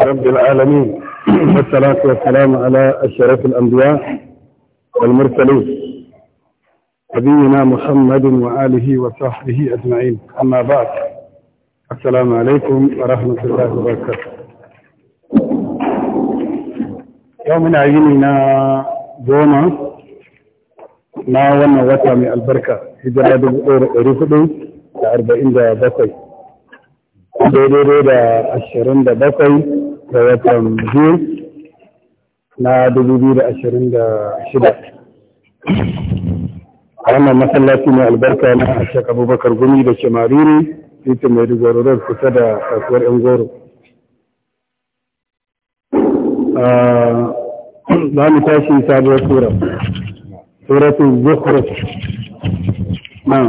رب العالمين والصلاة والسلام على أشرف الأنبياء والمرسلين نبينا محمد وآله وصحبه أجمعين أما بعد السلام عليكم ورحمة الله وبركاته يوم عيننا goma ما wannan wata البركة albarka hijira dubu ɗari hudu da arba'in da ga watan june na 2026 a wannan masallaci ne albarka na ashek abubakar gumi da shamariri titin mai dogaro kusa da kasuwar yan goro za mu tashi sabuwar sura suratul zukhruf na'am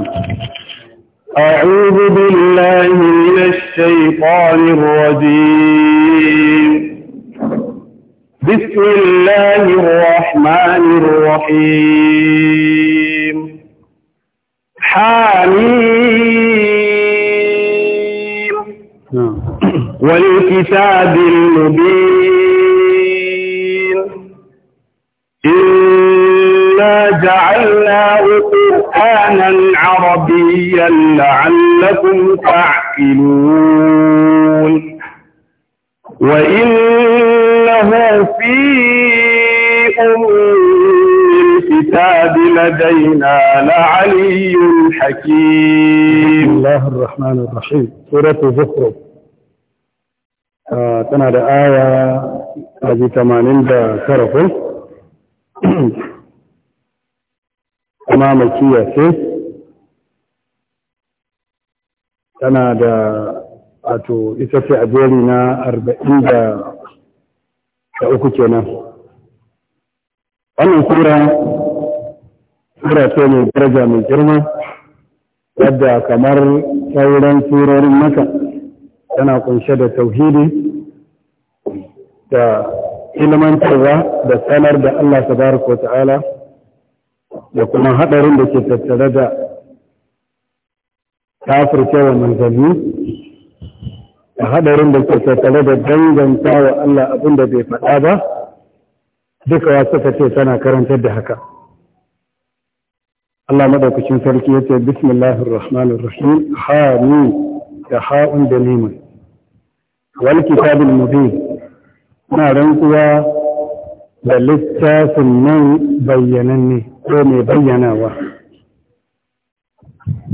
أعوذ بالله من الشيطان الرجيم بسم الله الرحمن الرحيم حميم نعم. والكتاب المبين جعلناه قرآنا عربيا لعلكم تعقلون وإنه في أم الكتاب لدينا لعلي حكيم الله الرحمن الرحيم سورة زخرف آه، تنادى آية هذه ثمانين ده kuma makiya ce tana da ato ita ce a jeri na arba'in da uku kenan wannan sura sura ce mai daraja mai girma yadda kamar sauran surorin maka tana kunshe da tauhidi da ilmantarwa da sanar da Allah tabaraka wa ta'ala da kuma haɗarin da ke tattare da kafirce wa manzanni da haɗarin da ke tattare da danganta wa Allah abin da bai faɗa ba duka ya suka ce tana karantar da haka Allah madaukakin sarki yace bismillahir rahmanir rahim ni da ha'un da neman. wal kitabil mubin na rantsuwa da littafin nan ne ko mai bayyanawa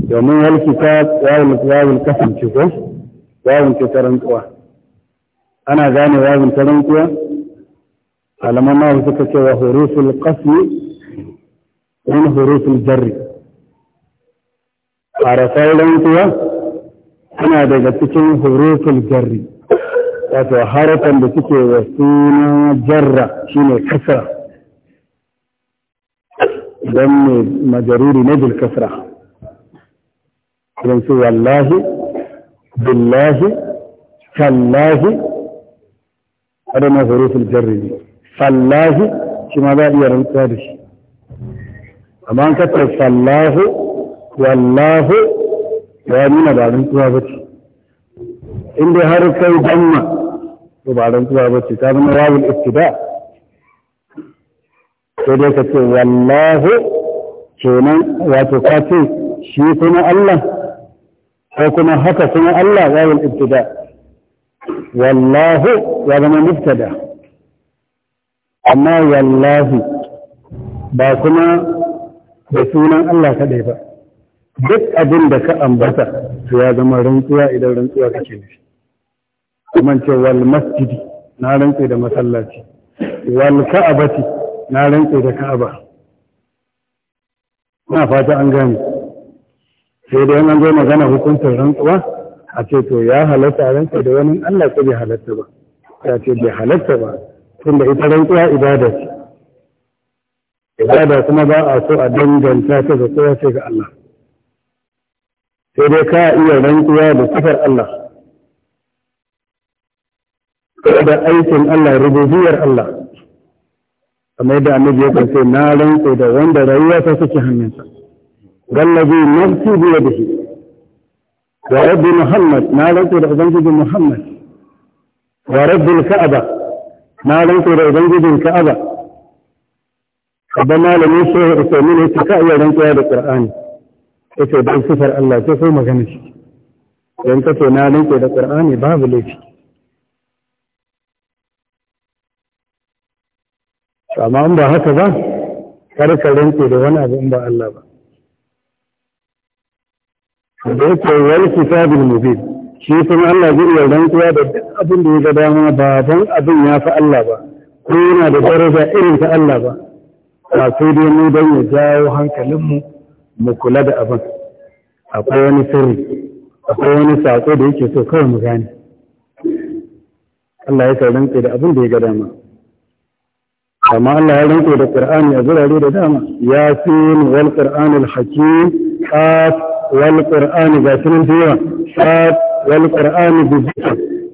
domin halkita wawun kasance ko wawun ce ta rantsuwa ana gane wawun ta rantsuwa alaman mahu suka ce wa hurusul qasmi in hurusul jarri a rasar rantsuwa ana daga cikin hurusul jarri wato harafan da suke wa suna jarra shine kasra idan mai majaruri na bil kasra idan su wallahi billahi kallahi ada na hurufin jarri ne fallahi shi ma za a iya rantsuwa da shi amma an kasar fallahu wallahu ya nuna ba rantsuwa ba ce in har kai damma to ba rantsuwa ba ce ta zama yawon istida sai dai ka ce wallahu kenan wato ka ce shi kuma Allah ko kuma haka kuma Allah yawon istida wallahu ya zama mubtada amma wallahi ba kuma da sunan Allah kaɗai ba duk abin da ka ambata to ya zama rantsuwa idan rantsuwa kake nufi kuma ce wal masjidi na rantse da masallaci wal ka'abati na rantse da ka'aba na fata an gane sai dai an zo magana hukuntar rantsuwa a ce to ya halatta rantsa da wani Allah ko bai halatta ba ya ce bai halatta ba tunda ita rantsuwa ibada ce ibada kuma ba a so a danganta ta ga kowa sai ga Allah sai dai ka iya rantsuwa da kafar Allah da aikin Allah rububiyar Allah kamar yadda annabi ya kace na rantsa da wanda rayuwa ta suke hannunsa wallazi nafsi bi yadihi wa rabbi muhammad na rantsa da ubangijin muhammad wa al ka'aba na rantsa da ubangijin ka'aba abba malamin shehu usaimin yace ka iya rantsuwa da qur'ani yace dan sifar Allah sai sai magana shi Yanka kace na rantsa da qur'ani babu laifi amma in ba haka ba kar ka rinke da wani abu in ba Allah ba da yake wal kitabil mubin shi kuma Allah zai iya rantsuwa da duk abin da ya ga dama ba dan abin ya fi Allah ba ko yana da daraja irin ta Allah ba ba sai dai mu dan ya jawo hankalinmu mu kula da abin akwai wani sirri akwai wani sako da yake so kawai mu gane Allah ya sa rantsa da abin da ya ga dama amma Allah ya rinko da Qur'ani a zurare da dama yasin wal Qur'an al hakim qaf wal Qur'an ga sunan diwa qaf wal Qur'an bi zikr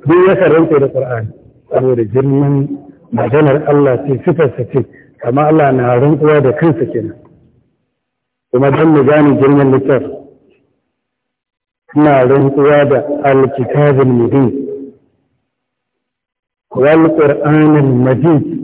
duk ya karanto da Qur'ani saboda girman maganar Allah ce sifarsa ce amma Allah na rinkuwa da kansa kenan kuma dan mu gane girman littaf ina rinkuwa da al-kitabul mubin wal Qur'an al-majid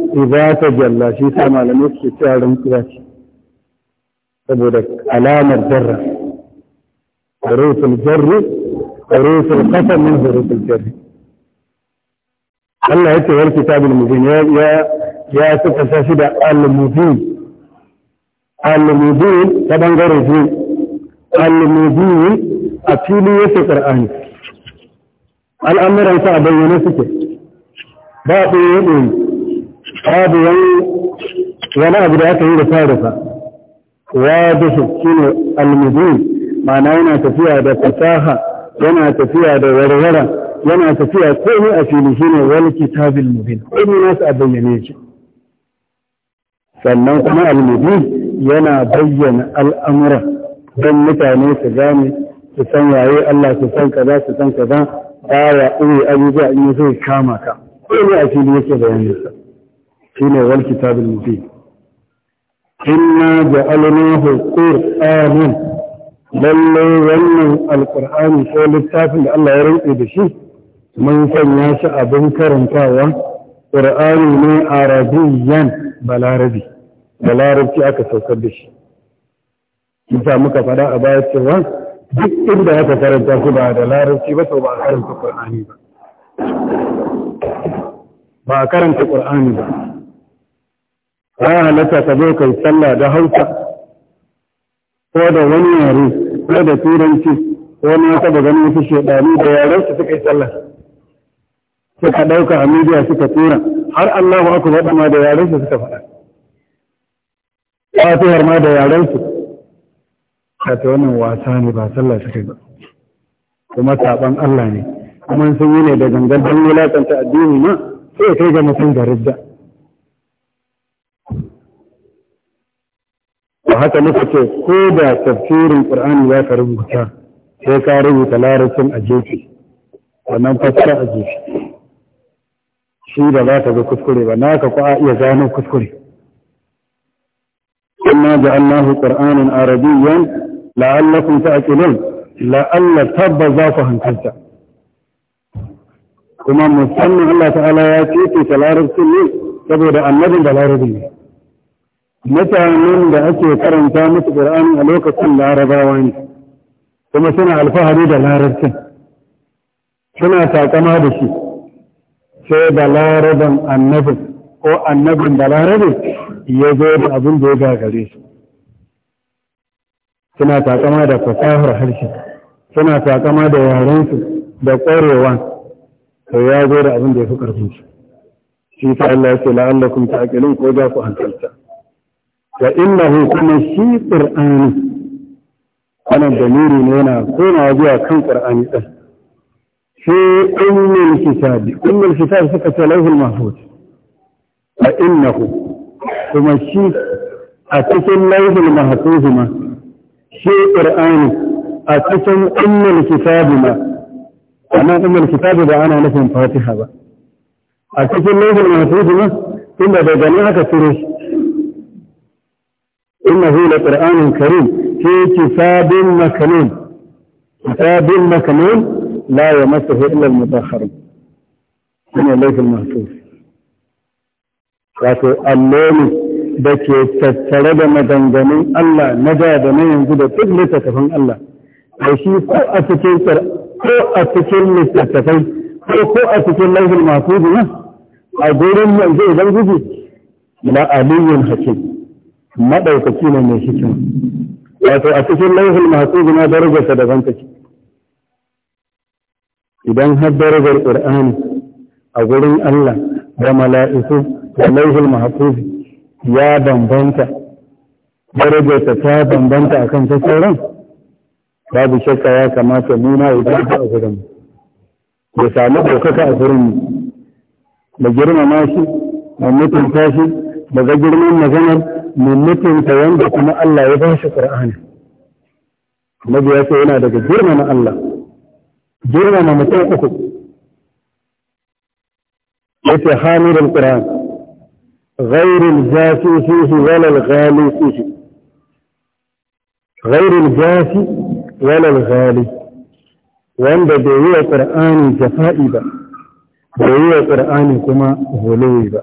إذا تجلى شيء ثم لم يكن شعر كذا تبرك علامة الجرة حروف الجر حروف القسم من حروف الجر الله يكتب الكتاب المبين يا يا يا سيدة المبين المبين طبعا غير المبين المبين أكيلية القرآن الأمر أنت أبينا سكة باقي babu wani wani abu da aka yi da tarufa wa da shine almudin ma'ana yana tafiya da fasaha yana tafiya da warwara yana tafiya komai a fili shine wal kitabil mubin komai nasu a bayyane shi sannan kuma almudin yana bayyana al'amura don mutane su gane su san waye Allah su san kaza su san kaza ba ya iri abubuwa in yi zai kama ka komai a fili yake bayanin sa shine wal kitabul mubin inna ja'alnahu qur'anan lalle wannan alqur'ani ko littafin da Allah ya rantsa da shi mun sanya shi abin karantawa ƙur'ani ne arabiyyan balarabi balarabci aka sauka da shi kisa muka fada a baya duk inda aka karanta ba da larabci ba to ba a karanta ƙur'ani ba ba a karanta qur'ani ba ya halatta ka zo kai sallah da hausa ko da wani yare ko da turanci na ta taba ganin wasu shaidani da yaren su suka yi sallah suka ɗauka a midiya suka tura har Allahu akbar ma da yaren su suka faɗa fatihar ma da yaren su ta wannan wasa ne ba sallah suka yi ba kuma saban Allah ne kuma sun yi ne da gangan don ta addini ma sai kai ga mutum da ridda Wa haka muka ce ko da tafsirin ƙur'ani za ka rubuta sai ka rubuta larabcin a jefi wannan fasara a jefi shi da za ka ga kuskure ba naka ku a iya gano kuskure inna ja'alnahu qur'anan arabiyyan la'allakum ta'qilun la'alla tabba za ku hankalta kuma musamman Allah ta'ala ya ce ta larabcin ne saboda annabin da larabin ne mutanen da ake karanta musu Qur'ani a lokacin larabawa ne kuma suna alfahari da larabcin suna takama da shi sai da laraban annabin ko annabin da larabin ya zo da abin da ya gagare su suna takama da fasahar harshe suna takama da yarensu da ƙwarewa to ya zo da abin da ya fi ƙarfin shi shi ta Allah ya ce la'allakum ta'qilun ko da ku hankalta wa innahu kuma shi qur'ani wannan dalili ne yana komawa zuwa kan qur'ani din shi ummul kitab ummul kitab suka ce lauhul mahfuz wa innahu kuma shi a cikin lauhul mahfuz ma shi qur'ani a cikin ummul kitab ma anan ummul kitab ba ana nufin fatiha ba a cikin lauhul mahfuz ma tunda daga nan aka turo shi إنه لقرآن كريم في كتاب مكنون كتاب مكنون لا يمسه إلا المطهرون من الليل المحفوظ wato allo ne da ke tattare da maganganun Allah na da da na yanzu da duk littattafan Allah da ko a cikin ko a cikin littattafai ko a cikin laifin masu na a gurin yanzu idan gudu na aliyin hakim maɗaukaki ne mai hikima wato a cikin lauhul masu na ta daban take idan har darajar ƙur'ani a gurin Allah da mala'iku da lauhul mahfuz ya bambanta darajarsa ta bambanta akan ta sauran babu shakka ya kamata nuna idan ta a gurin ya samu ɗaukaka a gurin mu da girmama shi da mutunta shi daga girman maganar mu wanda kuma Allah ya bashi Qur'ani Annabi ya ce yana daga na Allah na mutum uku yace hamilul Qur'an su الجاسي walal ولا su فيه غير الجاسي walal gali wanda bai yi wa ƙar'ani jafa'i ba bai yi wa ƙar'ani kuma holowi ba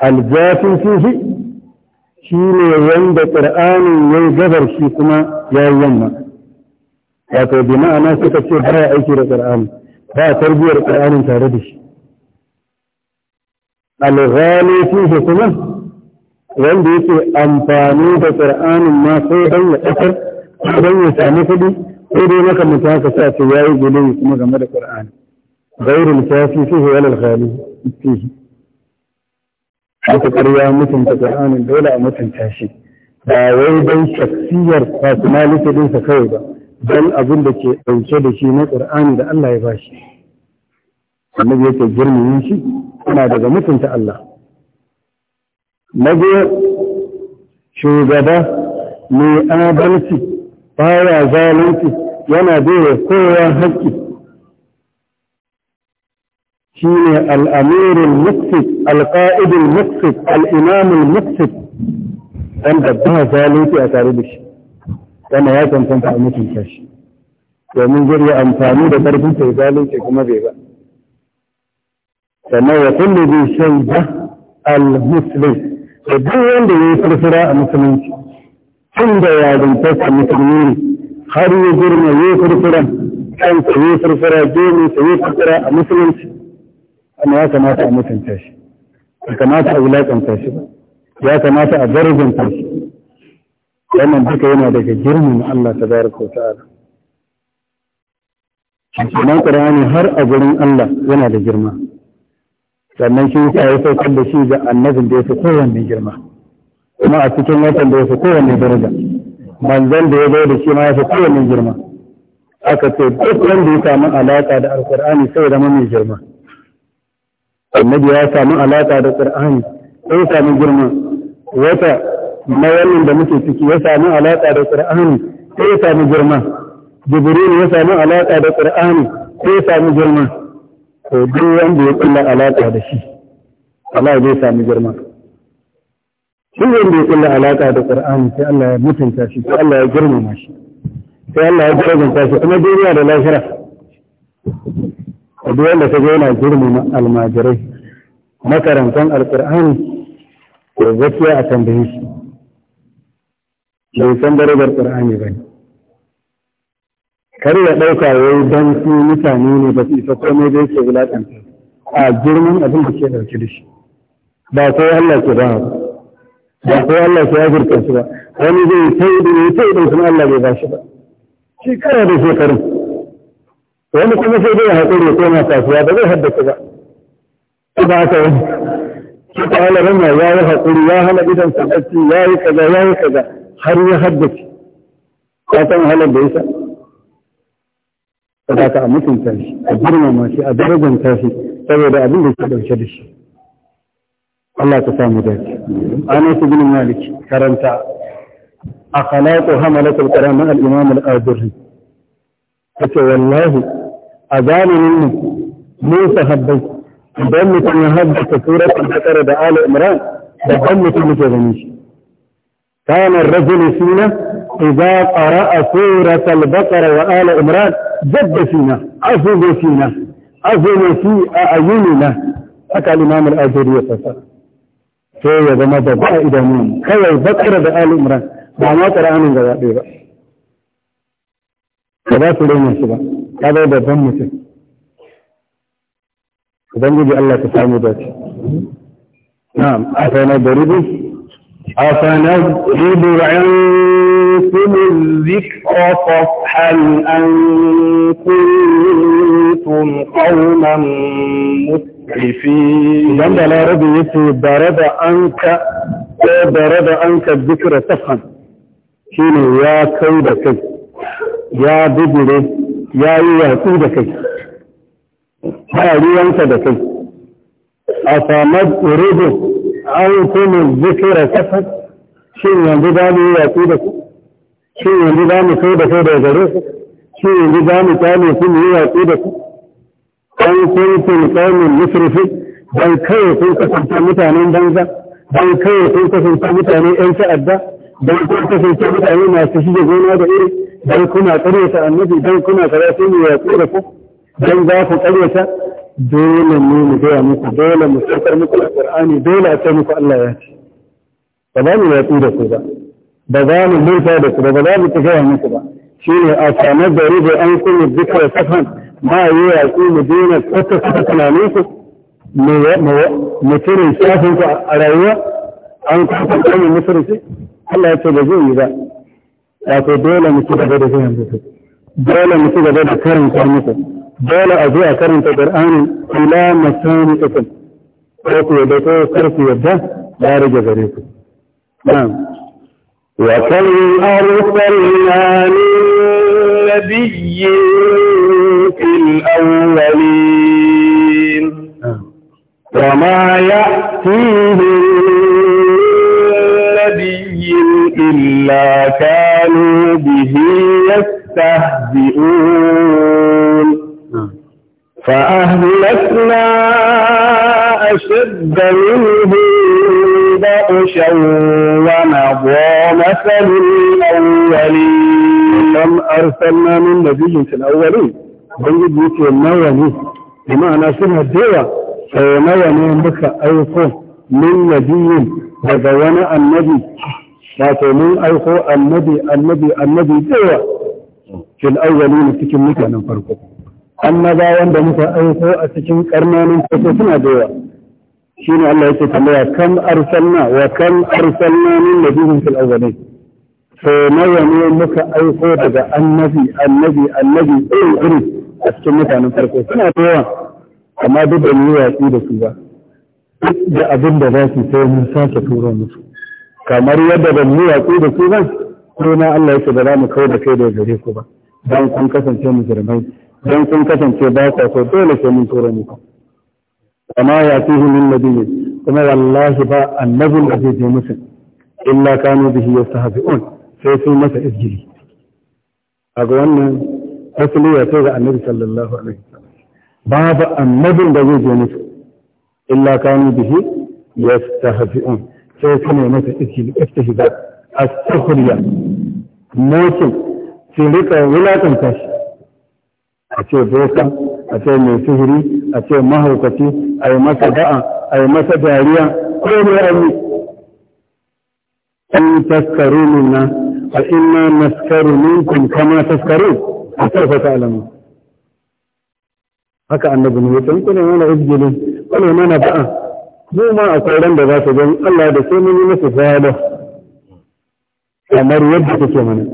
aljafin fihi shi ne wanda ƙur'anin ya yi gabar shi kuma ya yi yamma wato bi ma'ana suka ce ba ya aiki da ƙur'ani ba a tarbiyyar ƙur'anin tare da shi alghali fihi kuma wanda yake amfani da ƙur'anin ma sai don ya ɗaukar don ya sami kuɗi sai dai makamanta haka sa ce ya yi gudun kuma game da ƙur'ani غير الكافي فيه ولا الغالي فيه matakar ya mutunta Qur'anin dole a mutunta shi ba wai don shaksiyar personality ɗinsa kawai ba don abin da ke ɗauke da shi na Qur'ani da Allah ya bashi annabi yake yin shi kuma daga mutunta Allah na shugaba mai adalci baya zalunci yana bai kowa haƙƙi شيني الأمير المقصد القائد المقصد الإمام المقصد أنت بها ثالثة أتاربش كما ياتم تنفع المتن كاش ومن جري أن بطرف في ذلك كما بيبا كما يقول لذي شيء ده المسلم فدوان دي يفرسراء المسلمين كم دا يادم تسع المسلمين خارج أنت يفرسراء كم سيفرسراء جرم سيفرسراء المسلمين amma ya kamata a mutunta shi ya kamata a wulaƙanta shi ba ya kamata a darajanta shi wannan duka yana daga girmin Allah ta bayar ko ta'ala sannan ƙur'ani har a gurin Allah yana da girma sannan shi yasa ya saukar da shi ga annabin da ya fi kowanne girma kuma a cikin watan da ya fi kowanne daraja manzon da ya zo da shi ma ya fi kowanne girma aka ce duk wanda ya samu alaƙa da alƙur'ani sai da mai girma annabi ya samu alaka da qur'ani ya samu girma wata na wannan da muke ciki ya samu alaka da qur'ani ya samu girma jibril ya samu alaka da qur'ani ya samu girma to duk wanda ya kulla alaka da shi Allah zai samu girma duk wanda ya kulla alaka da qur'ani sai Allah ya mutunta shi sai Allah ya girmama shi sai Allah ya jarabta shi kuma duniya da lahira duk wanda ka ga yana girmama almajirai makarantan alkur'ani ko gaskiya a tambaye shi bai san darajar qur'ani ba ne kar ya ɗauka wai don su mutane ne ba su isa komai da yake wulaƙanta a girman abin da ke ɗauke da shi ba ko Allah ke ba ba ko Allah ke azurta su ba wani zai sai da ya sai da kuma Allah bai ba shi ba shekara da shekarun wani kuma sai dai haƙuri ko na kasuwa ba zai haddasa ba ko ba haka wani shi ta halarar ma ya yi haƙuri ya hana idan sabbaci ya yi kaza ya yi kaza har ya haddace ka san halar da yasa ba ka a mutunta shi a girmama shi a darajanta shi saboda abin da ke ɗauke da shi Allah ta samu dace Anas bin Malik karanta akhlaqu hamalatul Qur'an al-Imam al-Adurri ta ce wallahi a zamanin mu mun sahabbai idan mutum ya haddasa suratul baqara da ali imran babban mutum muke gani shi كان الرجل فينا إذا قرأ سورة البقرة وآل عمران جد فينا أفض فينا أفض في أعيننا حتى الإمام الآجري يتصل كي يدمد بقى مين كي البقرة بآل عمران ما ترى عن الغوائب ba za su raina shi ba ya zai babban mutum ubangiji Allah ta samu da shi na'am afana daribu afana daribu عنكم الذكر صفحا أن كنتم قوما مسرفين إذن لا رب يسي ضرب عنك ضرب عنك الذكر صفحا شنو يا كيد كيد ya bugure ya yi yatsu da kai ba ruwanka da kai a samar a an kuma zikira kasar shin yanzu za mu yi yatsu da kai? shin yanzu za mu kai da kai daga gare su shin yanzu za mu kyale su mu yi yatsu da kai? an kuntum qaumin musrifin don kai sun kasance mutanen banza don kai sun kasance mutanen yan ta'adda don kai sun kasance mutane masu shige gona da iri dan kuna karyata annabi dan kuna kaza sai mu yaƙi da ku dan za ku karyata dole ne mu gaya muku dole mu saukar muku alqur'ani dole a ce muku Allah ya ce ba za mu yaƙi da ku ba ba za mu murta da ku ba ba za mu gaya muku ba shine a sanar da ribe an kuma zikra safan ma yi yaƙi mu daina tattaka tunaninku mu cire shafinku a rayuwa an kuma kuma musulunci Allah ya ce ba zai yi ba wato dole mu ci gaba da zai musu dole mu ci gaba da karanta musu dole a zo a karanta qur'ani ila masani kakum ko ku yadda ko kar ku yadda ya rage gare ku na'am wa kan arsalna nabiyyin fil awwalin وما يأتيهم إلا كانوا به يستهزئون نعم. فأهلكنا أشد منهم بطشا ومضى مثل الأولين لم أرسلنا من نبي في الأولين بنجد يكي النووي بمعنى سنة الدوى فينوى من بك أيقون من نبي هذا wani النبي wato mun aiko annabi annabi annabi tsewa fil awwalin cikin mutanen farko annabawan wanda muka aiko a cikin karnanin farko suna da yawa shine Allah yake tambaya kam arsalna wa kam arsalna min nabiyyin fil awwalin so nawa ne muka aiko daga annabi annabi annabi irin irin a cikin mutanen farko suna da yawa amma duk da mu watsi da su ba duk da abin da za su sai mun sake turo musu kamar yadda ban yi yaƙi da ku ba, ko na Allah yake da za mu kai da kai da gare ku ba dan kun kasance mujrimai dan kun kasance ba ku so dole sai mun tura muku amma ya fihi min nabiyyi kuma wallahi ba annabin da zai je musu illa kanu bihi yastahzi'un sai sun masa izgili a ga wannan asali ya ce ga annabi sallallahu alaihi wasallam babu annabin da zai je musu illa kanu bihi yastahzi'un sai su ne masa istihzar astaghfirullah motsin su rika wulakanta shi a ce boka a ce mai sihiri a ce mahaukaci a yi masa ba'a, a yi masa dariya ko ne an yi an taskaru minna a ina naskaru minkum kama taskaru a sarfata alamu haka annabi ne ya tsantsuna mana ibjilin wani mana ba'a mu ma akwai da za su gani Allah da sai mun yi musu fada kamar yadda kuke mana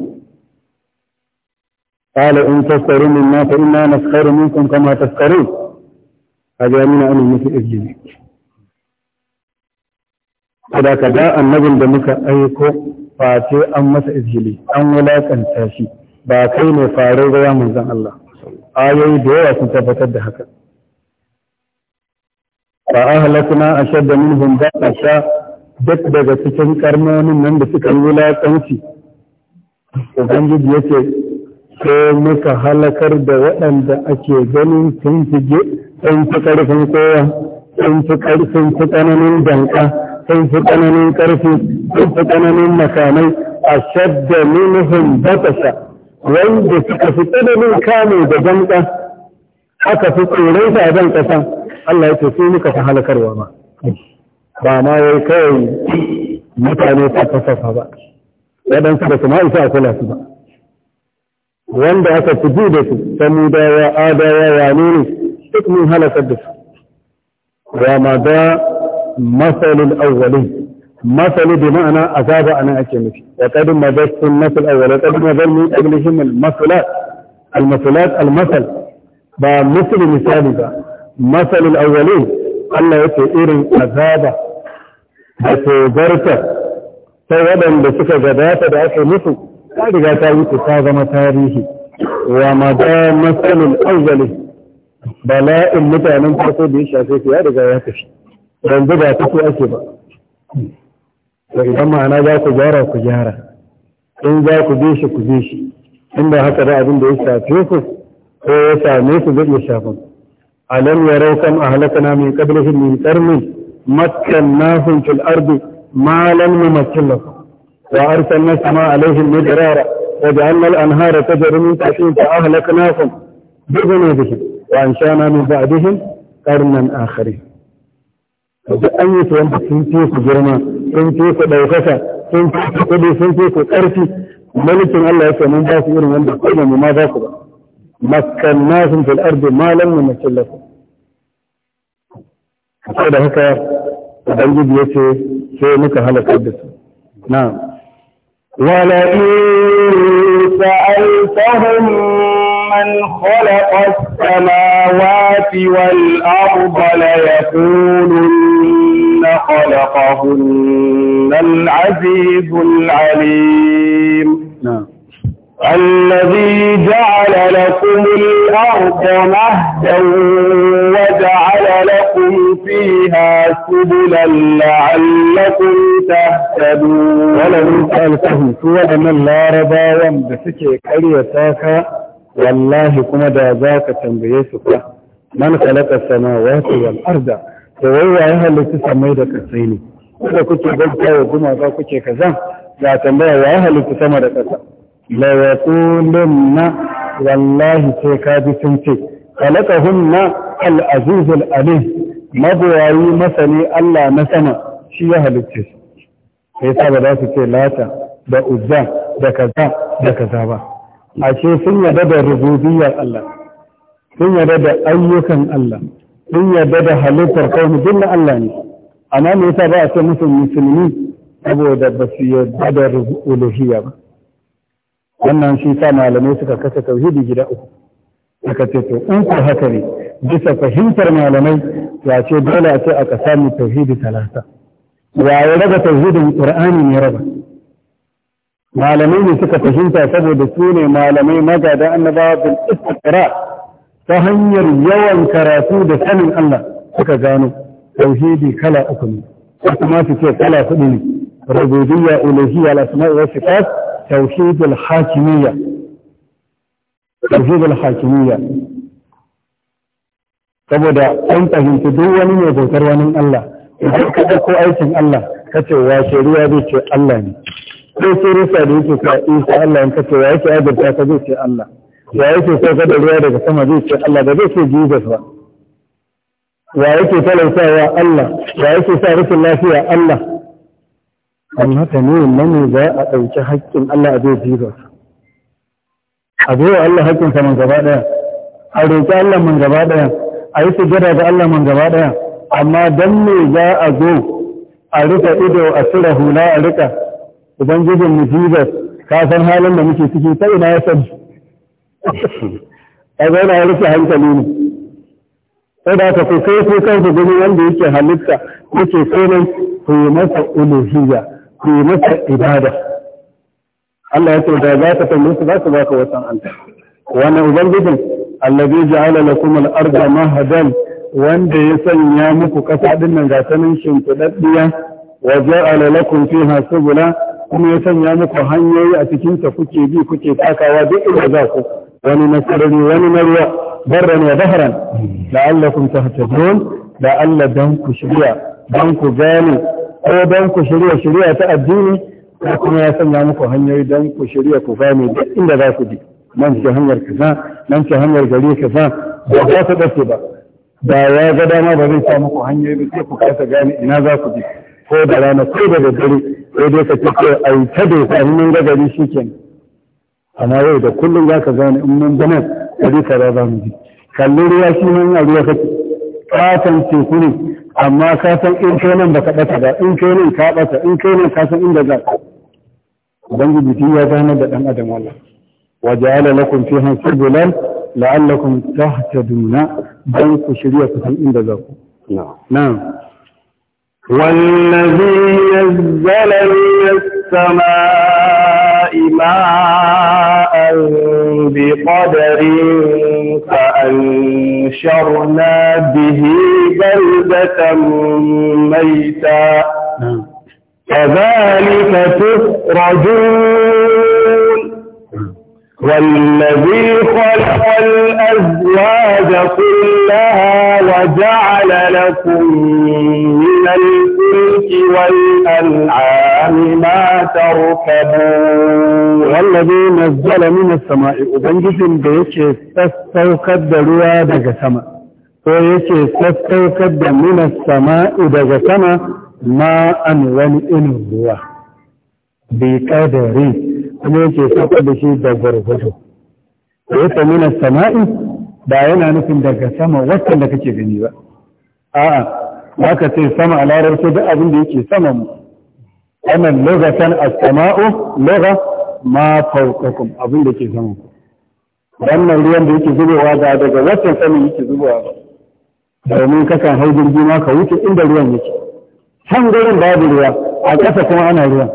قال إن تسخروا منا فإنا نسخر منكم كما تسخرون هذا من أن مثل إجلي kada ka da annabin da muka aiko face an masa izgili an wulakanta shi ba kai ne farin ruwa manzon Allah ayoyi da yawa sun tabbatar da haka fa ahlakna ashadda minhum baqasha duk daga cikin karnonin nan da suka yi wulakanci ubangiji yace sai muka halakar da waɗanda ake ganin sun fi sun fi karfin kowa sun fi karfin fi tsananin danka sun fi ƙananin karfi sun fi tsananin makamai ashadda minhum baqasha wanda suka fi ƙananin kame da danka aka fi tsoron sa a ban ƙasa Allah ya tafi muka ta halakarwa ma ba ma ya yi kawai mutane ta kasafa ba waɗansu da su ma isa a kula su ba wanda aka fi ji da su samudawa adawa wane ne duk mun halakar da su wa ma da masalin awwalin مثل بمعنى أذاب أنا أكمل وقد مدت النسل الأول وقد مدت من أجلهم المثلات المثلات المثل ba misali misali ba masalin awwalin Allah ya ce irin azaba da tobarta ta waɗanda suka gabata da aka mutu ta riga ta wuce ta zama tarihi wa ma da masalin awwalin bala'in mutanen farko da ya shafe ya riga ya tafi yanzu ba ta ake ba da idan ma'ana za ku gyara ku gyara in za ku bi ku bi shi in ba haka da abin da ya shafe ku ko ya same su zai iya shafan alam yarau kam ahlakana min qablihim min qarnin makkannahum fil ardi ma lam numakkin lahum وأرسلنا السماء عليهم مدرارا وجعلنا الأنهار تجري من تحتهم فأهلكناهم بذنوبهم وأنشأنا من بعدهم قرنا آخرين da an yi su wanda sun ce ku girma sun ce ku ɗaukaka sun ce ku kuɗi sun ce ku ƙarfi malikin Allah ya ce mun ba su irin wanda kuma mu ma za ku ba مكناهم في الأرض ما لم نمكن لكم هذا هكا أبنجد يسي شيء مكهلك عبس نعم ولئن سألتهم من خلق السماوات والأرض ليقولن خلقهن العزيز العليم نعم الذي جعل لكم الأرض مهدا وجعل لكم فيها سبلا لعلكم تهتدون ولم يسألكم سوى أن الله ربا وان بسكي كريتاك والله كما دا ذاك تنبيسك من خلق السماوات والأرض وهو يهل تسمي دك الصيني kuka kuke gaggwa gumaka kuke kaza ga tambaya ya halitta sama da ƙasa na wallahi sai ka ji sun ce khalaqahunna al-aziz al-alim mabuwayi masani Allah na sama shi ya halicce su sai sa ba za su ce lata da uzza da kaza da kaza ba ashe sun yarda da rububiyyar Allah sun yarda da ayyukan Allah sun yarda da halittar kawai mu na Allah ne amma me yasa ba a ce musu musulmi saboda ba su yarda da uluhiyya ba wannan shi sa malamai suka kasa tauhidi gida uku aka ce to in ku haka ne bisa fahimtar malamai ya ce dole a ce a aka samu tauhidi talata ya yi raba tauhidin qur'ani ne raba malamai ne suka fahimta saboda su ne malamai magada annabawa bin istiqra ta hanyar yawan karatu da sanin Allah suka gano tauhidi kala uku ne kuma su ce kala hudu ne rububiyya uluhiyya al asmai wa sifat tauhidul hakimiyya tauhidul hakimiyya saboda an fahimci duk wani mai bautar wani Allah idan ka ɗauko aikin Allah ka ce wa shari'a zai ce Allah ne sai sai rusa da yake ka isa Allah ka ce wa yake adalta ka zai ce Allah wa yake sauka da ruwa daga sama zai ce Allah Ba zai ce Jesus ba wa yake talautawa Allah wa yake sa rufin lafiya Allah an haka ne mani za a ɗauki haƙƙin Allah a zai jiba a zai Allah haƙƙinsa man gaba ɗaya a roƙi Allah man gaba ɗaya a yi sujada ga Allah man gaba ɗaya amma don me za a zo a rika ido a cire hula a rika idan gudun mu jiba ka san halin da muke ciki ta ina ya sani a zai na rike hankali ne sai da fi kai ko kansu gudun wanda yake halitta yake komai ko yi masa uluhiyya ku yi masa ibada Allah ya ce da za ka tambaye su za su baka wasan Allah wani ubangijin allazi ja'ala lakum al mahadan wanda ya sanya muku kasa din nan ga sanin shimfiɗaɗɗiya, wa ja'ala lakum fiha subula kuma ya sanya muku hanyoyi a cikin ta kuke bi kuke takawa duk inda za ku wani na wani na ruwa barran wa bahran la'allakum tahtadun la'alla dan ku shirya dan ku gane ko don ku shirya shirya ta addini ko kuma ya sanya muku hanyoyi don ku shirya ku gane duk inda za ku bi nan ce hanyar kaza nan ce hanyar gari kaza ba za ku dace ba da ya ga dama ba zai sa muku hanyoyi ba sai ku kasa gane ina za ku bi ko da rana ko da daddare ko dai ka da ko ai ta doka hannun gagari shikenan amma yau da kullum za ka zaune in mun zama gari kaza za mu bi kallon ruwa shi nan a ruwa kake fatan teku ne amma ka san in kai nan baka ɓata ba in kai nan ka ɓata in kai nan ka san inda za ka ubangiji shi ya gane da ɗan adam wala wa ja'ala lakum fiha subulan la'allakum tahtaduna dan ku shirya ku san inda za ku na'am والذي نزل من السماء ماء بقدر وأنشرنا به بلدة ميتا نعم. كذلك تخرجون نعم. والذي خلق الأزواج كلها وجعل لكم من الفلك والأنعام ما تركبون والذي نزل من السماء وبنجد da yake sassaukar da ruwa daga sama ko yake sassaukar da min sama'i daga sama ma an wani irin ruwa bi kadari kuma yake saukar da shi da gurgudu yake min sama'i ba yana nufin daga sama wacce da kake gani ba a'a haka ce sama a larabci duk abin da yake sama mu wannan lugatan kan samau lugha ma fawqakum abin da ke zama. wannan ruwan da yake zubowa ga daga wannan sanin yake zubowa ba domin kakan hau jirgi ma ka wuce inda ruwan yake can gurin babu ruwa a ƙasa kuma ana ruwan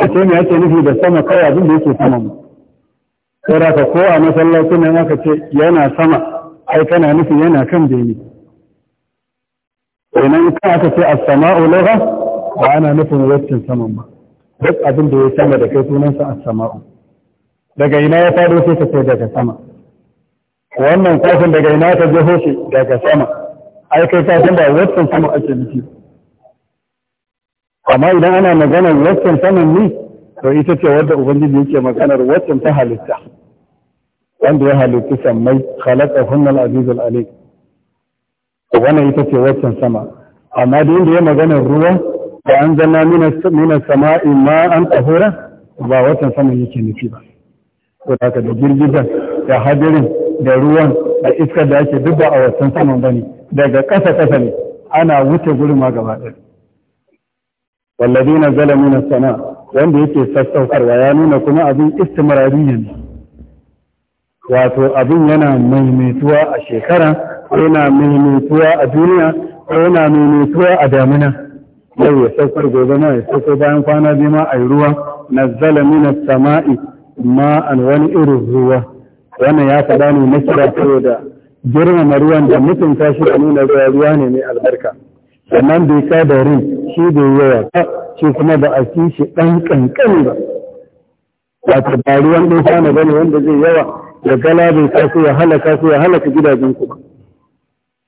a ce me ake nufi da sama kai abin da yake sama mu saboda ka ko a masallacin nan aka ce yana sama ai kana nufi yana kan bene kenan ka aka ce as-sama'u ba ana nufin waccan saman ba duk abin da ya sama da kai sunansa a sama'u daga ina ya faɗo sai ka sai daga sama wannan kafin daga ina ta jeho shi daga sama ai kai ka san ba waccan sama ake nufi amma idan ana maganar waccan saman ne to ita ce wadda ubangiji yake maganar waccan ta halitta wanda ya halitta sammai khalaqa hunnal azizul alim wannan ita ce waccan sama amma da inda ya magana ruwan. da an zana mina sama'i ma an tsahura ba watan saman yake nufi ba ko da da girgizan da hadirin da ruwan da iskar da ake duk ba a watan saman bane daga ƙasa ƙasa ne ana wuce ma gaba ɗaya na zalamu na sama wanda yake sassaukarwa ya nuna kuma abin istimarari ne wato abin yana maimaituwa a shekara yana maimaituwa a duniya yana maimaituwa a damina yau ya saukar gobe ma ya sauko bayan kwana biyu ma a yi ruwa nazzala na sama'i ma an wani irin ruwa wannan ya faɗa ne na kira da. girmama ruwan da mutunta shi da nuna ruwa ne mai albarka sannan bai ka da rin shi yi yawa ba shi kuma ba a ci shi ɗan ƙanƙan ba wato ba ruwan ɗin sana ne wanda zai yawa ya gala bai kasu ya halaka su ya halaka gidajen ku ba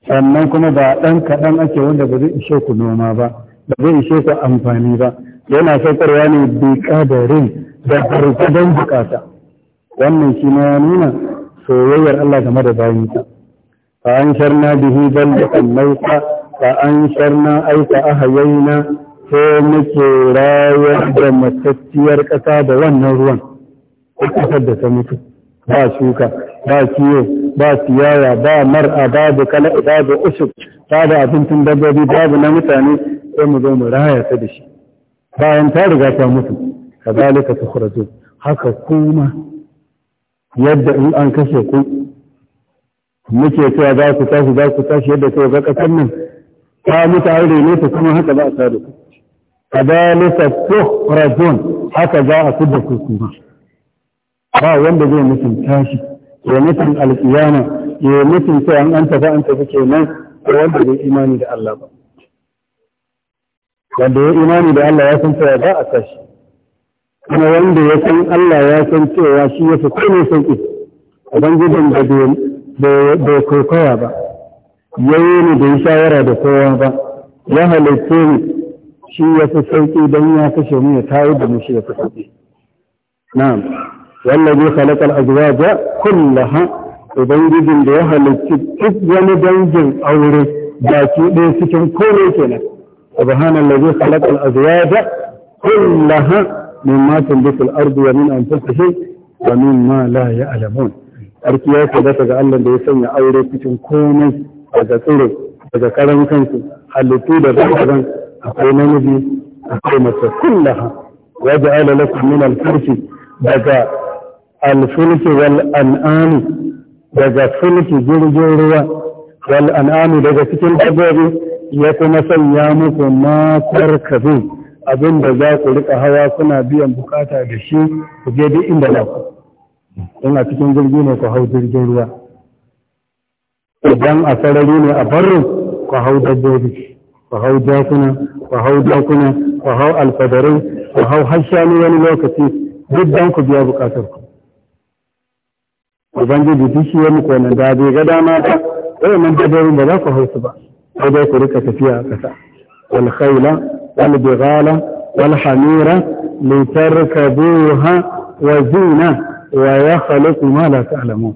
sannan kuma ba ɗan kaɗan ake wanda ba zai ishe ku noma ba ba zai ishe su amfani ba yana saukarwa ne bi kadarin da don bukata wannan shi ma nuna soyayyar Allah game da bayinsa fa an sharna bihi da mauta fa an sharna aika ahayaina Ko muke rayar da matacciyar ƙasa da wannan ruwan ƙasar da ta mutu ba shuka ba kiwo ba siyaya ba mar'a babu kala babu usuk babu abincin dabbobi babu na mutane sai mu zo mu raya ta da shi bayan ta riga ta mutu kazalika tukhraju haka kuma yadda in an kashe ku muke cewa za ku tashi za ku tashi yadda kai ga kasan nan ta mutu an rene ta kuma haka za a tare ku kazalika tukhrajun haka za a fidda ku kuma ba wanda zai mutum tashi ya mutum alƙiyama ya mutum sai an an tafi an tafi kenan wanda zai imani da Allah ba wanda ya imani da Allah ya san cewa ba a kashi kuma wanda ya san Allah ya san cewa shi ya fi kone sauƙi ubangijin da bai kokowa ba ya yi ni da yi shawara da kowa ba ya halitta ni shi ya fi sauƙi don ya kashe mu ya tayi da mu shi ya fi sauƙi na'am wallazi khalaqal azwaja kullaha ubangijin da ya halitta duk wani dangin aure baki ɗaya cikin kore kenan سبحان الذي خلق الأزواج كلها مما تنبت الأرض ومن أنفسهم ومما لا يعلمون أركي يا سبحانه وتعالى da ya sanya aure cikin komai daga tsiro daga karan kansu halittu da zakaran akwai namiji akwai mace kullaha wa ja'ala lakum min al-fulki daga al wal daga ruwa wal an'ami daga cikin dabbobi ya kuma sanya muku matar karkafe abin da za ku rika hawa kuna biyan bukata da shi ku je duk inda na ku don a cikin jirgi ne ku hau jirgin ruwa idan a sarari ne a barin ku hau dabbobi ku hau jakuna ku hau jakuna ku hau alfadarai ku hau hashani wani lokaci duk dan ku biya bukatar ku ubangiji duk shi ya muku da bai ga dama ba irin nan da ba za ku hau su ba ko dai ku rika tafiya a ƙasa wal khayla wal bighala wal hamira litarkabuha wa zina wa yakhluqu ma la ta'lamun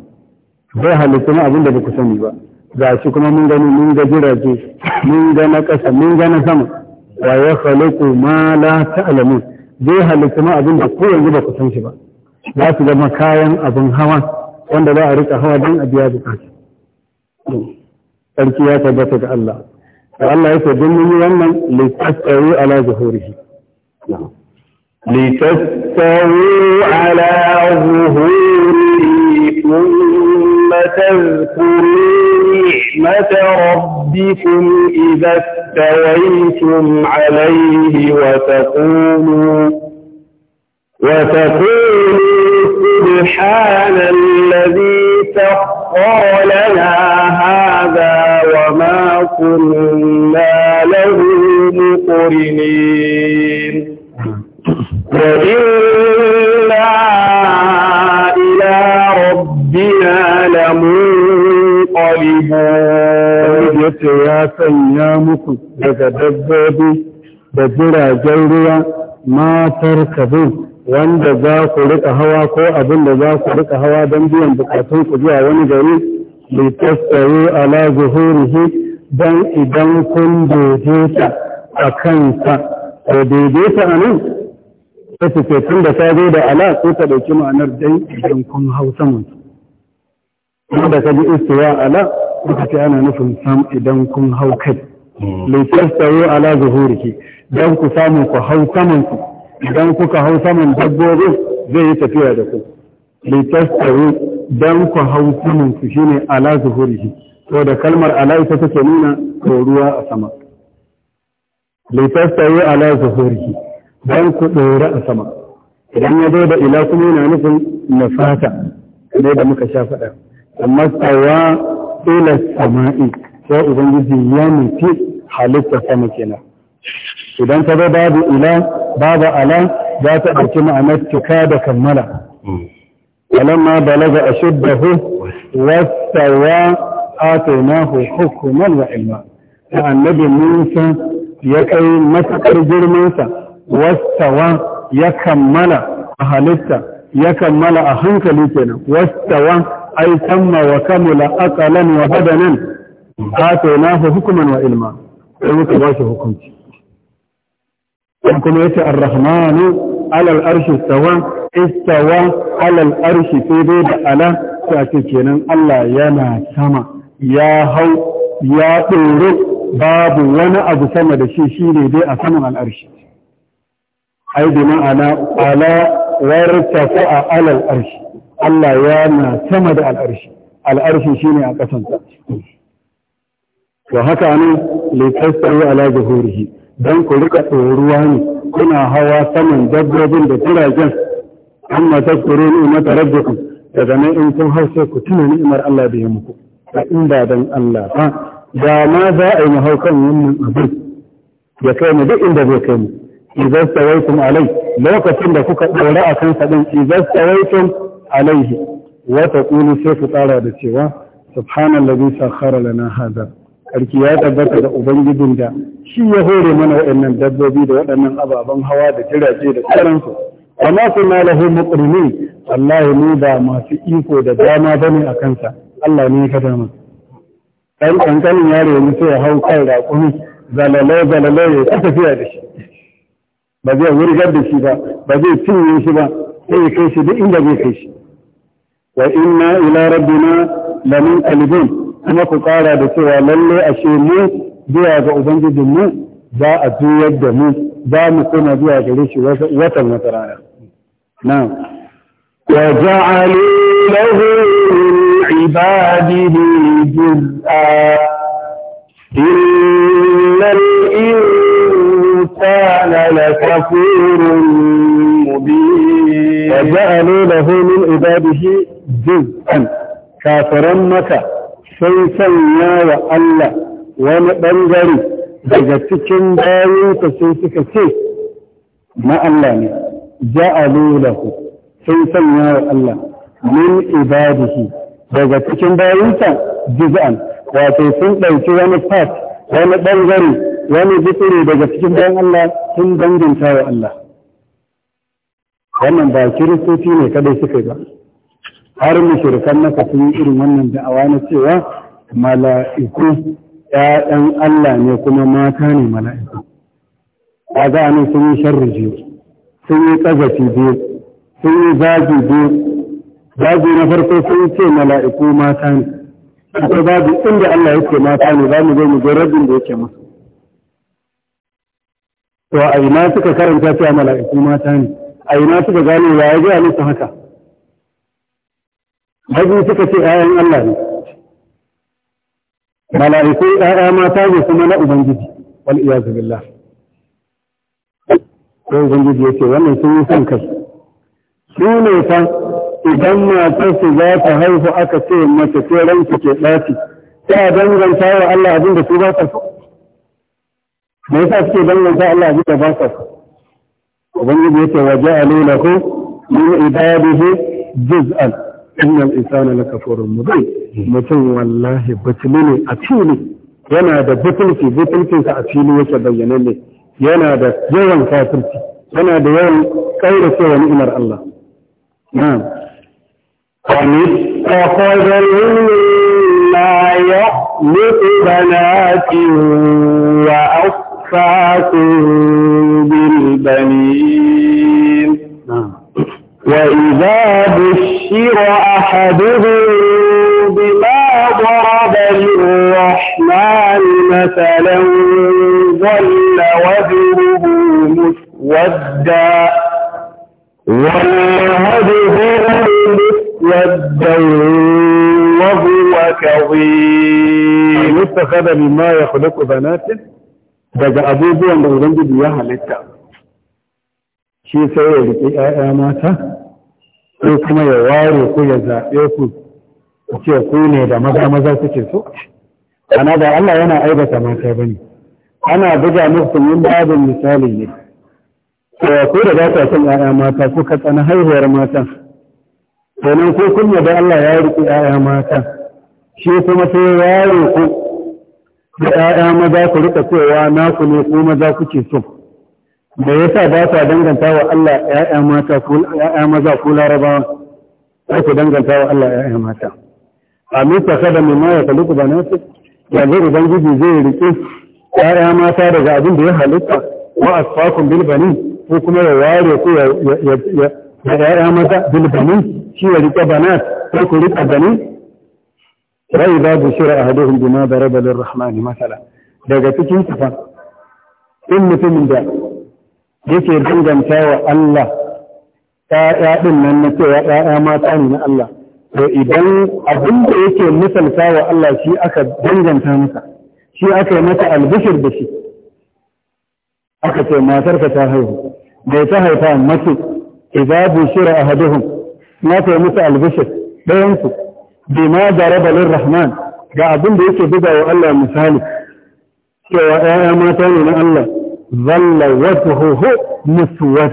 zai halittu ma abin da baku sani ba ga shi kuma mun gani mun ga jirage mun ga na ƙasa mun ga na sama wa ya yakhluqu ma la ta'lamun zai halittu ma abin da ko yanzu baku san shi ba za su zama kayan abin hawa wanda za a rika hawa don a biya bukata sarki ya tabbata ga Allah to Allah yake don mun yi wannan li tasawu ala zuhurihi li tasawu ala zuhurihi thumma tadhkuru ni'mata rabbikum idza استويتم عليه وتقولوا وتقولوا سبحان الذي تخ قال لنا هذا وما كنا له مقرنين وإنا إلى ربنا لمنقلبون يا سيا مكو daga dabbobi da jiragen ruwa matar kabin wanda za ku rika hawa ko abin da za ku rika hawa don biyan bukatun ku zuwa wani gari li tasawu ala zuhurihi dan idan kun daidaita a kansa to daidaita a nan ta ce tun da ta zo da ala ko ta dauki ma'anar dai idan kun hau saman kuma da ka ji istiwa ala ko ta ce ana nufin sam idan kun hau kai hmm. li tasawu ala zuhurihi dan ku samu ku hau saman ku idan kuka hau saman dabbobi zai yi tafiya da ku litastawi dan ku hau saman su shine ala zuhurihi to da kalmar ala ita take nuna ruwa a sama litastawi ala zuhurihi dan ku dora a sama idan ya zo da ila kuma yana nufin nafata ne da muka sha faɗa amma tsawa ila sama'i sai ubangiji ya nufi halitta sama kenan idan ta babu ila babu ala za ta ɗauki ma'anar cika da kammala alamma balaga a shuddahu wasawa atona hukumar wa ilma da annabi musa ya kai matakar girminsa wasawa ya kammala a halitta ya kammala a hankali kenan wasawa ai tamma wa kamula aqalan wa badanan atona hukuman wa ilma sai muka ba hukunci in kuma yace ar-rahmanu alal arshi istawa istawa alal arshi sai da ala sai a ce kenan Allah yana sama ya hau ya ɗoro babu wani abu sama da shi shi ne dai a saman al'arshi ai bi ma'ana ala warta a alal arshi Allah yana sama da al'arshi al'arshi shi ne a sa. to haka ne littattari ala zuhurihi don ku rika ruwa ne kuna hawa saman dabbobin da jiragen amma tazkuru ni'mata rabbikum daga nan in kun hau sai ku tuna ni'imar Allah da ya muku a inda dan Allah ba da ma za a yi mu hau kan wannan abin ya kai mu duk inda zai kai mu idan sawaitum alai lokacin da kuka dora a kan din idan sawaitum alaihi wa taqulu sai ku tsara da cewa subhanallazi sakhara lana hadha karki ya tabbata da ubangijin da shi ya hore mana waɗannan dabbobi da waɗannan ababen hawa da jiraje da sauransu amma su na lahu wallahi ni ba masu iko da dama bane a kansa Allah ne ka dama dan kankanin yaro ne sai ya hau kan raƙumi zalale zalale ya ta tafiya da shi ba zai wurgar da shi ba ba zai cinye shi ba sai ya kai shi duk inda zai kai shi wa inna ila rabbina lamun qalibun kuma ku kara da cewa lalle ashe mu zuwa ga ubangijin mu za a juyar da mu za mu kuma zuwa gare shi watan wata rana na wa ja'alu lahu ibadihi juz'a innal insana lakafurun mubin wa ja'alu lahu min ibadihi juz'an kafaran maka sun sanya wa Allah wani ɓangare daga cikin bayansa sun suka ce na Allah ne ja'alu lahu sun sanya wa Allah min ibadihi daga cikin bayansa juz'an wato sun ɗauki wani part wani ɓangare wani bitsire daga cikin bayan Allah sun danganta wa Allah wannan ba kiristoci ne kadai suka yi ba har mushrikan maka sun yi irin wannan da'awa na cewa mala'iku ‘ya'yan Allah ne kuma mata ne mala'iku. A nan sun yi sharri biyu, sun yi ƙazafi biyu, sun yi zagi biyu, zagi na farko sun ce mala'iku mata ne. Ita zagi inda Allah yake mata ne za mu zo mu ga rabin da yake masa. To a ina suka karanta cewa mala'iku mata ne, a ina suka gane wa ya gaya musu haka. hagu suka ce ayan Allah ne, mala'iku ‘ya'ya mata ne kuma na Ubangiji, wal iyazu billah. Ko Ubangiji ya ce wannan sun yi son kai. Su ne fa idan su za ta haihu aka ce mace ce ranki ke ɗaci, ta danganta wa Allah abin da su ba ta so. Me yasa suke danganta Allah abin da ba ta so? Ubangiji ya ce wa ja'alu lahu min ibadihi juz'an al insana lakafurun mubin mutum wallahi batili ne a fili yana da butulci butulcinsa a fili yake bayyana ne yana da yawan kafirci yana da yawan cewa ni'imar Allah na'am اتخذ banin, بشر أحدهم بما ضرب للرحمن مثلا ظل وجهه مسودا وجهه مسودا وهو كظيم اتخذ مما يخلق بناته daga abubuwan da ubangiji ya halitta shi sai ya riƙe mata ko kuma ya ware ku ya zaɓe ku ce ku ne da maza maza suke so ana ba Allah yana aibata mata ba ne. ana buga mutum min babin misali ne to ku da ba ta san ƴaƴa mata ku ka tsana haihuwar mata nan ko kun da Allah ya riƙe ƴaƴa mata shi kuma sai ware ku da ƴaƴa maza ku rika cewa naku ne ku maza kuke so da ya sa ba sa danganta wa Allah ‘ya'ya mata ko ‘ya'ya maza ko larabawa sai ku danganta wa Allah ‘ya'ya mata. A mita kada mai ta kaluku ba su? yanzu Ubangiji zai riƙe ‘ya'ya mata daga abin da ya halitta wa asfakun bilbani ko kuma ya ware ko ya ‘ya'ya maza bilbani shi ya riƙe banat sai ku riƙa bani. Rai za bushira a haduhun bima da rabalin rahmani masala. Daga cikin tafa, in mutumin da yake danganta wa Allah ‘ya'ya ɗin nan na cewa ‘ya'ya mata ne na Allah, to idan abin da yake misalta wa Allah shi aka danganta masa, shi aka yi mata albishir da shi, aka ce matarka ta haihu, bai ta haifa mace, idza bushira ahaduhum na ta yi musu albishir ɗayansu, bima jaraba rahman ga abin da yake buga wa Allah misali, cewa ‘ya'ya mata ne na Allah, ظل وجهه مسودا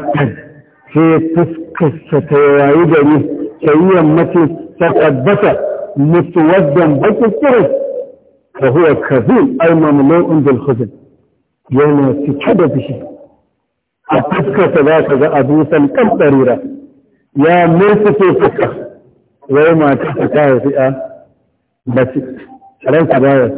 في تسك الستوائدني شيئا متي فقد بكى مسودا بك الترس فهو كذيب أي مملوء بالخزن يعني في بشيء أتسك تباك ذا أبوسا كم يا ملس في فكة ويما تحتك يا فئة آه. بس سلام تباك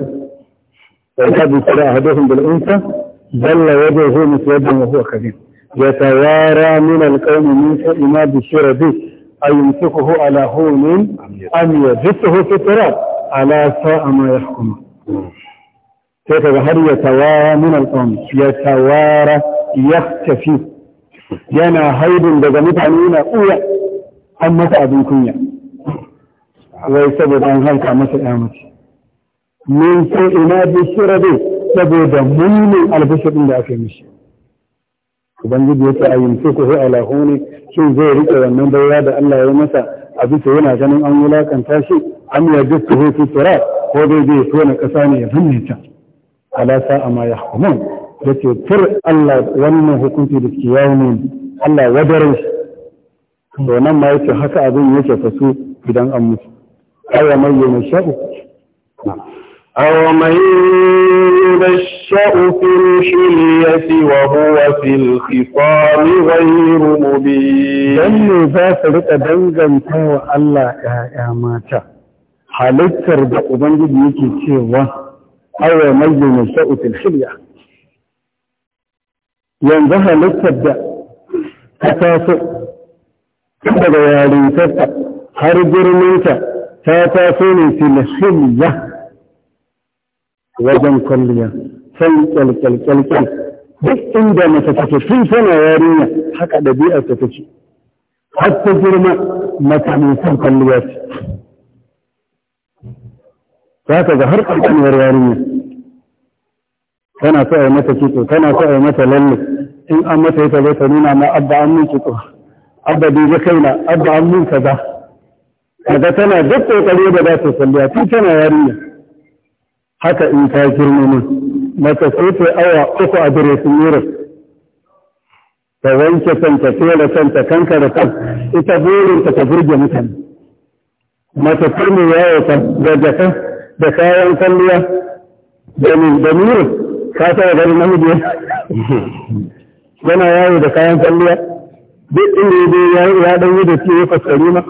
ويجب أن أحدهم بالأنثى balla wajen zai yadda mu huwa kadin ya tawara min alqawm min sha'i ma bi shirabi ayumsikuhu ala hunin am yadhuhu fi tarab ala sa'a ma yahkuma sai kaga har ya tawara min alqawm ya tawara yaktafi yana haidin daga mutane yana uwa an masa abin kunya wai saboda an halka masa ƴamaci min sha'i ma bi shirabi saboda munin albasa ɗin da aka yi mishi ubangiji ya ce a yimce ko sai alahu shin zai rike wannan daura da Allah ya masa a bisa yana ganin an wulakanta shi an ya dukka ko fi tura ko zai zai tona ƙasa ne ya zanne ta ala sa ma ya hukumun da ce tur Allah wannan hukunci da ke yawo ne Allah wadarin shi to nan ma yake haka abin yake fasu idan an mutu aya mai yana sha'u أو من ينشأ في الحلية وهو في الخصام غير مبين لأنه ذات رئة دنجا تاوى الله يا ماتا halittar da Ubangiji yake cewa awa mayyana sha'utul shirya. Yanzu halittar da ta taso daga yarintarta har girminta ta taso ne fil shirya wajen kwalliya san kyalkyalkyalkyal duk inda mace take sun tana yarinya haka ɗabi'ar ta take har ta girma mace mai san kwalliya ce za ka ga har ƙarƙanwar yarinya tana so a yi mata kitso tana so a yi mata lalle in an mata ita zai ta nuna ma abba an min kitso abba bai ga kaina abba an min kaza kaga tana duk kokari da za ta kwalliya tun tana yarinya haka in ta girma min mace sai ta awa uku a yi miras ta wanke kanta tela kanta da kan ita burinta ta burge mutane mace turmi yawo ta da jaka da kayan kalliya da min da miras ka ta ganin namiji yana yawo da kayan kalliya duk inda ya je ya dan yi da ciye fasari ma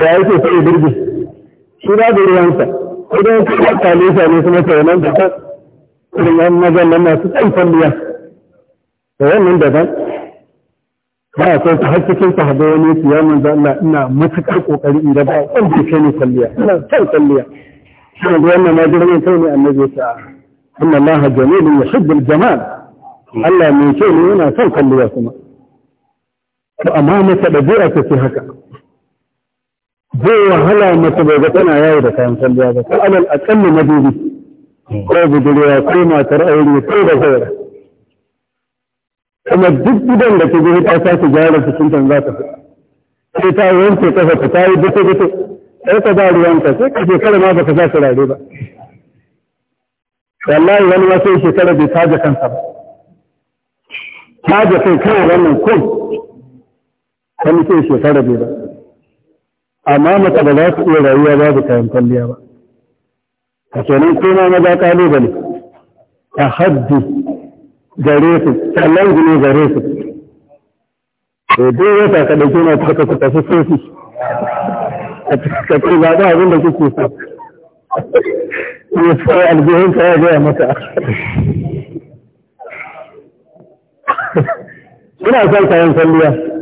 da yake sai burge shi da ruwansa idan ka haka ne sa ne kuma taunan da kan irin yan mazan nan masu tsaifan biya da wannan daban ba a san su har cikin sahaba wani su ya manzo Allah ina matukar kokari in ga ba kan bishe ne kalliya ina san kalliya shi ne wannan ma girman kai ne annabi ya sa inna Allah jamilun yuhibbul jamal Allah mai kyau ne yana son kalliya kuma to amma mata dabi'a ta ce haka zai wahala mace bai ga tana yawo da kayan kwalliya ba ko alal akalli madubi ko budurwa ko matar aure ko da saura kuma duk gidan da ta gani ta sake gyara cikin za ta fita sai ta wanke kafa ta tayi duka duka sai ka ba ruwanka sai ka shekara ma baka sa turare ba wallahi wani ma sai shekara bai taja kansa ba taja kai kawai wannan kun wani sai shekara bai ba amma mace ba za su iya rayuwa babu kayan kwalliya ba a kenan kuma maza kalubale a haddi gare su challenge ne gare su to dai wata ka dauke na taka ku tafi sofi ka ce ba da abin da kuke so ne sai aljihun ka ya gaya maka ina son kayan kwalliya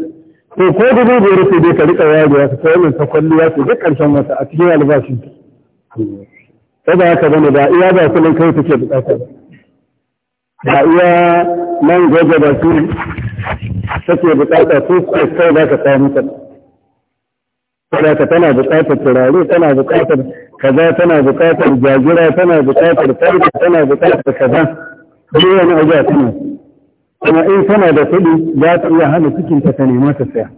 to ko da zai biyar sai dai ka rika waya da ka kai ta kwalliya ce duk karshen wata a cikin albashin ta sai da haka bane da iya ba kullun kai take bukata da iya nan gobe da su take bukata ko kai da ka samu ta saboda tana bukatar turare tana bukatar kaza tana bukatar jagira tana bukatar farko tana bukatar kaza duk wani aja tana kuma in tana da kuɗi za ta iya hana cikinta ta nema ta saya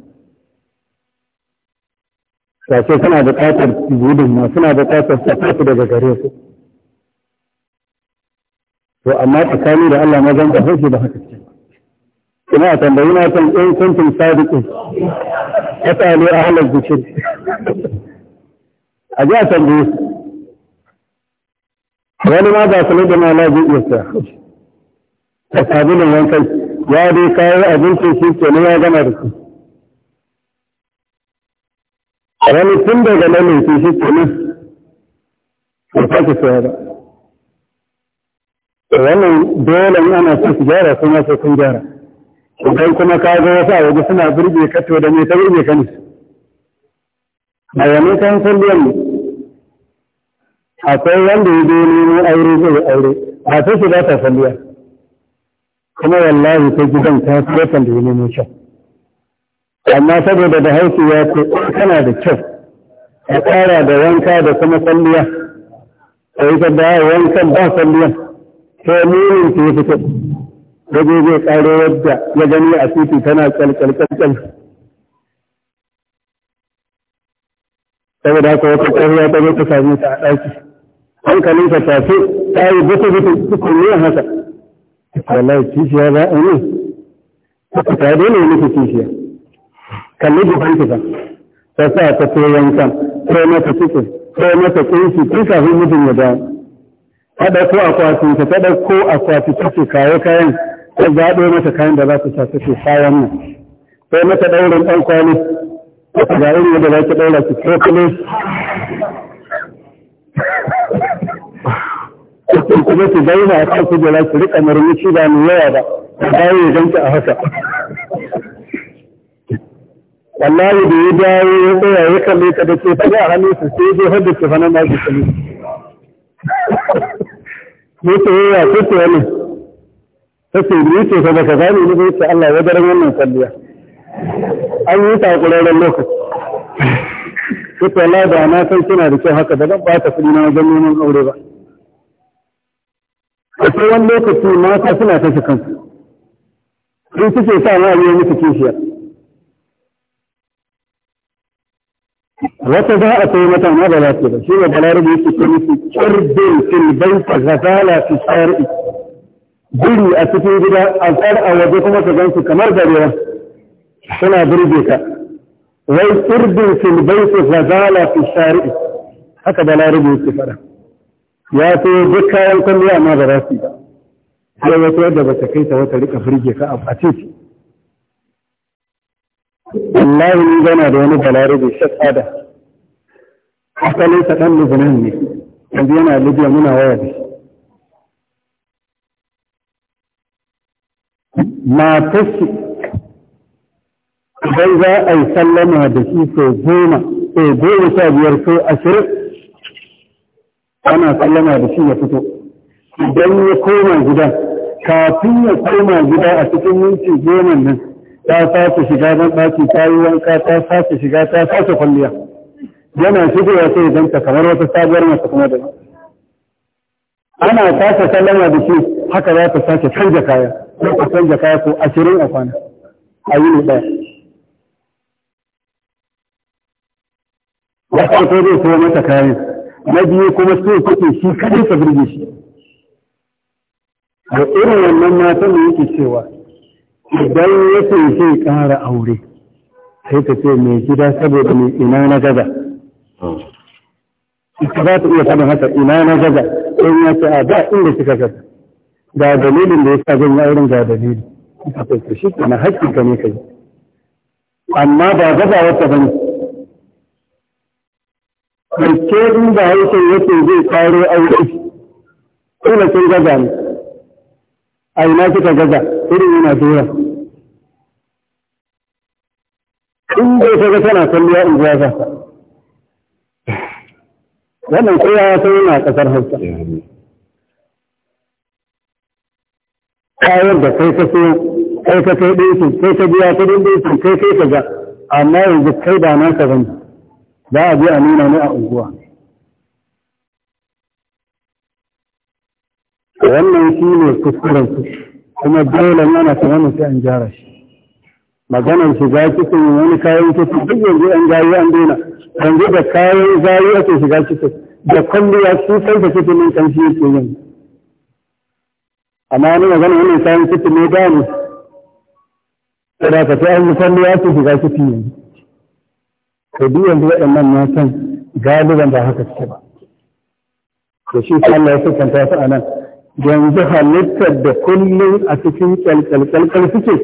sace tana ƙatar gudun ma suna da ƙatar ta tafi daga gare su to amma tsakani da Allah mazan ba hauki ba haka ce kuma a tambayi na san in kuntum sadiqin A ahlal zikr a ji a tambayi wani ma ba su da mala zai iya saya da sabulun wankan ya dai kawo abincin shi ke ya gama da su. wani tun daga nan ne shi ke nan ba sake saya ba wannan dole ne ana so su gyara kuma sai sun gyara idan kuma ka ga wasu a waje suna burge ka to da me ta burge ka ne a yanzu kan ne? akwai wanda ya zo nemo aure zai aure a sai shi ba ta salliya kuma wallahi ta gidan ta kofan da wani nemo amma saboda da haiku ya ce eh, kana da kyau a tsara da wanka da kuma salliya a yi ta wankan ba salliya ta nuna ta ya fito da gobe tsaro wadda ya gani a titi tana kyalkyalkyal saboda haka wata ƙarya ta zo ta sami ta a ɗaki hankalinsa tafi ta yi butu haka wallahi kishiya za a yi ta dole miki kishiya kalli jifan ki ta sa ta to yankan ko mata kitse ko mata kunshi tun kafin mutum ya dawo ko akwatin ta ta ɗauko akwati ta ce kawo kayan ta zaɓo mata kayan da za su sa ta ce kayan nan sai mata ɗaurin ɗan kwali ta ga irin yadda za ki ɗaura ki kuma kuma su zauna a kan kujera su rika murmushi ba mu yawa ba ta dawo ya ganta a haka wallahi da ya dawo ya tsaya ya kalle ta da ke fada a hannun su sai dai hadda ke fana na ke kalle ne ta yi ya kuka wani ta ce ni ce fa baka gane ni bai ce Allah ya daren wannan kalliya. an yi ta kuraren lokaci kuka la da na san kina da kyau haka da zan ba ta kuɗi na wajen neman aure ba akwai wani lokaci mata suna kashe kansu sun suke sa ma yi musu kishiyar wata za a sai mata ma ba lafiya ba shi ne balarabe yake ce musu kirbin filban ka gazala fi shari'i biri a cikin gida a tsar a waje kuma ka gansu kamar garewa suna birge ka wai kirbin filban ka gazala fi shari'i haka balarabe yake fara ya fi duk kayan kwalliya amma ba za su yi ba sai wata yadda ba ta kai ta wata rika firge ka a titi wallahi ni gana da wani balarabe shakka tsada. asalin sa dan Lebanon ne yanzu yana Libya muna waya da shi matar idan za a yi sallama da shi sau goma sau goma sha biyar sau ashirin ana sallama da shi ya fito idan ya koma gida kafin ya koma gida a cikin minti goma nan ta sace shiga ban ɗaki ta yi wanka ta sace shiga ta sace kwalliya yana shigowa sai ya ganta kamar wata sabuwar mace kuma da ana sace sallama da shi haka za ta sace canja kaya ko ta canja kaya ko ashirin a kwana a yi ne ɗaya da farko zai so mata kayan na biyu kuma so kake shi kadai ka birge shi a irin wannan matan da yake cewa idan ya ce zai ƙara aure sai ka ce mai gida saboda mai ina na gaza ita za ta iya faɗin haka ina na gaza ɗan ya ce a da inda kika gaza ga dalilin da ya sa zan yi auren ga dalilin. a kai shi na haƙƙi ka ne kai amma ba gaza wata bane Gaske in ba haushe yake zai karo aure, kuna sun gaza ne, a ina kika gaza, irin yana doya. In bai kaga tana kalliya in zuwa ba. Wannan kowa ya san yana ƙasar Hausa. Kayar da kai ka so kai ka kai ɗinsu, kai ka biya kuɗin ɗinsu, kai kai ka ga, amma yanzu kai ba ka bane. za a biya a nuna ne a unguwa wannan shi ne kuskurensu kuma dole mana ta wani sai an gyara shi maganar shiga cikin wani kayan kitin duk yanzu an gayi an daina yanzu da kayan gayi ake shiga cikin da kwalliya su san da cikin nan kanshi yake yin amma wani magana wani kayan kitin ne da ne da ka ta an kwalliya su shiga cikin yanzu to duk yanzu waɗannan matan galiban ba haka suke ba to shi Allah ya sukanta su anan yanzu halittar da kullum a cikin kyalkyalkyalkyal suke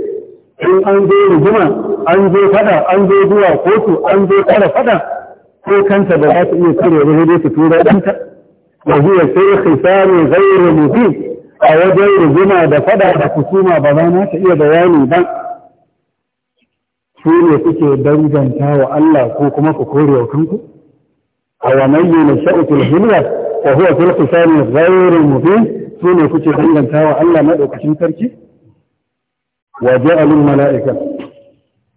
in an zo rigima an zo fada an zo zuwa kotu an zo kara fada ko kanta ba za ta iya kare ba zai ta tura ɗanta wa huwa sai khisami ghayru mubin a wajen rigima da fada da kusuma ba za ta iya bayani ba su ne kuke danganta wa Allah ko kuma ku kore wa kanku awaman yi na sha'utul hilwa wa huwa fil qisami ghayr mubin su ne kuke danganta wa Allah madaukakin sarki wa ja'alul mala'ika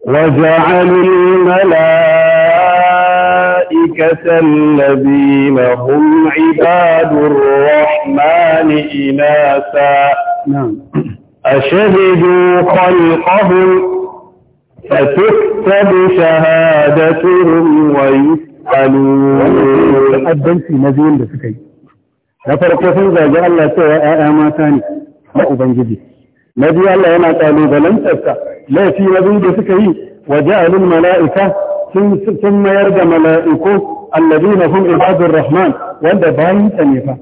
wa ja'alul mala'ikata alladhina hum ibadur rahmani inasa na'am ashhadu khalqahum فتكتب شهادتهم ويسألون ta'addanci na biyun da suka yi na farko sun zagi Allah cewa ‘ya'ya mata ne na Ubangiji na biyu Allah yana ƙalubalantarsa laifi na biyu da suka yi waje alin mala'ika sun mayar da mala'iku allabi na hun ibadun rahman wanda bayan ta ne fa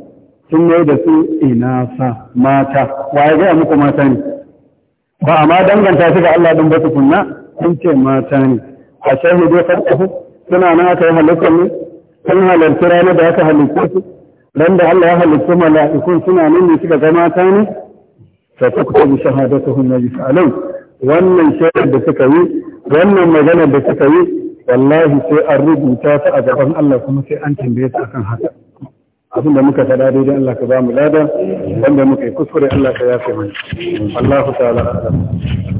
sun mai da su wa ya gaya muku mata ne ba a ma danganta su ga Allah ɗin ba kunna. kun ce mata ne a shahidu farqahu suna nan aka yi halittar ne sun halarci rana da aka halitta su ran da Allah ya halitta mala'ikun suna nan ne suka ga mata ne fa tuktabu shahadatuhum wa yus'alun wannan shaidar da suka yi wannan maganar da suka yi wallahi sai an rubuta ta a gaban Allah kuma sai an tambaye su akan haka abin da muka faɗa daidai Allah ka ba mu lada wanda muka yi kuskure Allah ka yafe mana Allahu ta'ala